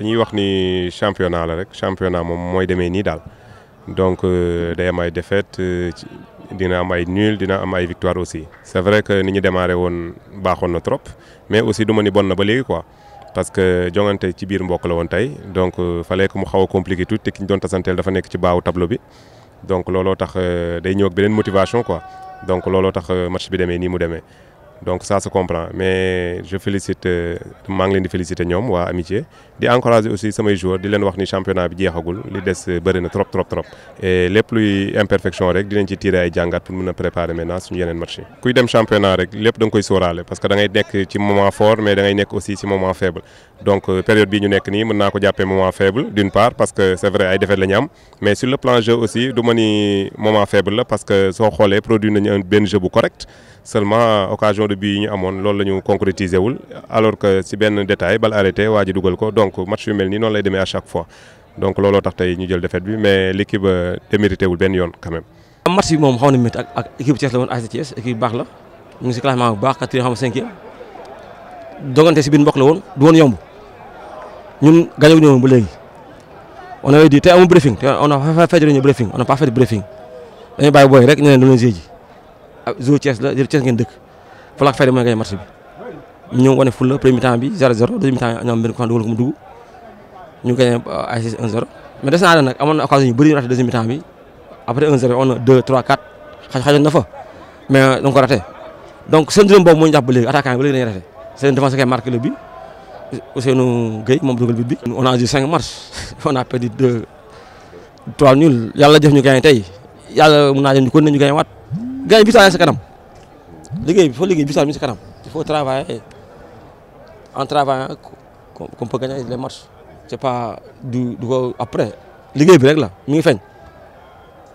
dañuy wax ni championnat la rek championnat moom mooy demee nii daal donc euh, day am ay défaite euh, dina am ay nul dina am ay victoire aussi. c'est vrai que ni ñu démarré woon baaxoon na trop mais aussi du ma ni bon na ba léegi quoi parce que jongante ci biir mbokk la woon tey donc euh, fallait que mu xaw a compliqué tout, te ki ñu doon tasanteel dafa nekk ci baaw tableau bi donc looloo tax day ñëw ak beneen motivation quoi donc looloo tax match bi demee nii mu demee donc ça se comprend mais je félicite euh, maa ngi di féliciter ñom wa amitié di encourager aussi samay joueurs di len wax ni championnat bi jeexagul li dess euh, bëri na trop trop trop et lepp luy imperfection rek len ci tirer ay jangat pour mën préparer maintenant suñu yenen match kuy dem championnat rek lepp dang koy parce que da ngay nekk ci moment fort mais da ngay nekk aussi ci moment faible donc euh, période bi ñu nekk ni mën ko jappé moment faible d'une part parce que c'est vrai ay défaite la ñam mais sur le plan jeu aussi du ma ni moment faible la parce que so xolé produit un ben jeu bu correct seulement occasion nombre de ñu amone loolu lañu concrétiser wul alors que ci ben détail bal arrêté waji duggal ko donc match yu mel nii noonu lay démé à chaque fois donc looloo tax tay ñu jël défaite bi mais l'équipe euh, équipe mérité wul ben yoon quand même. match mom xawna xaw ak équipe Thiès la won ASC Thiès équipe bax la ñu ngi si classement bu baax quatrième xam 5e doganté ci biir mbok la won du won yomb ñun gagné wu ñu woon ba léegi. on avait dit tey amul briefing on a fait réunion briefing on a pas fait briefing dañu bay boy rek ñene dañu leen doon leen ji ah Thiès la Thiès ngeen deuk fulaak fayda mooy gagné match bi ñu wane fula premier temps bi 0-0 deuxième temps ñu am na occasion yu bëri yu raté deuxième temps bi après a mais da nga ko raté donc syndrome boobu moo ñu jàpp ba léegi attaquant yi ba léegi dañuy raté seen défense kay marqué le but Ousseynou Gueye moom dugal but bi. on a eu 5 matchs on a perdu nul yàlla def ñu ñu continuer ñu gagné waat gagné bi sa kanam. il bi foo liggéey Bissau mi si kanam il faut travailler en travaillant qu'on peut gagner les matchs c'est pas du du après liggéey bi rek la mi ngi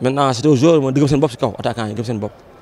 maintenant c'est aux joueurs moo di gëm seen bopp si kaw attaquant yi gëm seen